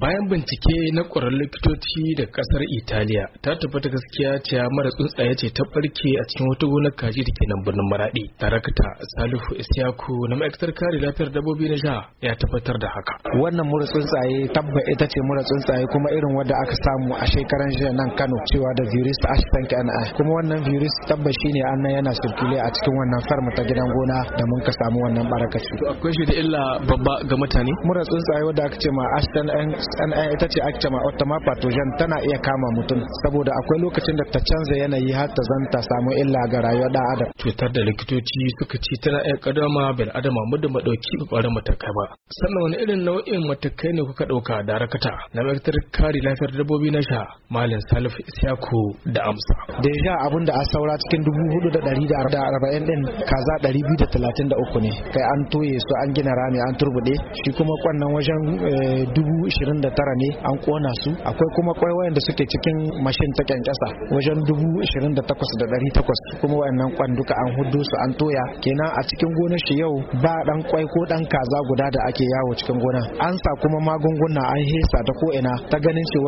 bayan bincike na ƙwararrun likitoci da ƙasar italiya ta tabbata gaskiya cewa mara tsuntsaye ce ta ɓarke a cikin wata gonar kaji da ke nan birnin maraɗi darakta salihu isyaku na ma'aikatar kare lafiyar dabbobi na jiha ya tabbatar da haka wannan mura tsuntsaye tabba ita ce mura tsuntsaye kuma irin wadda aka samu a shekaran jiya nan kano cewa da virus ta ashtank na kuma wannan virus tabba shine an nan yana sirkule a cikin wannan farma ta gidan gona da mun ka samu wannan barakaci akwai shi da illa babba ga mutane mura tsuntsaye wadda aka ce ma ashtan ita ce ake cewa ma pathogen tana iya kama mutum saboda akwai lokacin da ta canza yanayi har ta zanta samu illa ga rayuwar da adam. Cutar da likitoci suka ci tana iya kadama bil adama muddin ba dauki matakai ba. Sannan wani irin nau'in matakai ne kuka dauka da rakata na ma'aikatar kare lafiyar dabbobi na sha Malam Salif Isyaku da Amsa. Deja abin da a saura cikin dubu hudu da ɗari da arba'in ɗin kaza ɗari biyu da talatin da uku ne kai an toye su an gina rami an turbuɗe shi kuma kwannan wajen eh, dubu ishirin tara ne an kona su akwai kuma kwai da suke cikin mashin ta kyankyasa wajen dubu ishirin da takwas da dari takwas kuma wayannan kwan duka an hudu su an toya kenan a cikin gonar shi yau ba dan kwai ko dan kaza guda da ake yawo cikin gonar an sa kuma magunguna an hesa ta ko ina ta ganin shi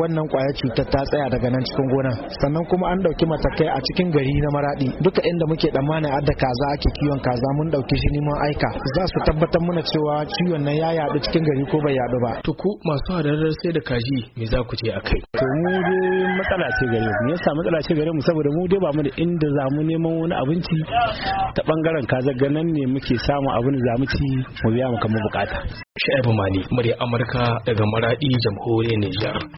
wannan kwaya cuta ta tsaya daga nan cikin gonar sannan kuma an dauki matakai a cikin gari na maradi duka inda muke tsammanin adda kaza ake kiwon kaza mun dauki shi neman aika za su tabbatar mana cewa ciwon nan ya yadu cikin gari ko bai yadu ba to ku masu hadarar sai da kaji me za ku ce a kai to mu dai matsala ce gare mu yasa matsala ce gare mu saboda mu dai ba mu da inda za mu neman wani abinci ta bangaren kaza ganan ne muke samu abin da za mu ci mu biya mu kamar bukata Sha'ibu Mani, murya Amurka daga Maradi, Jamhuriyar Nijar.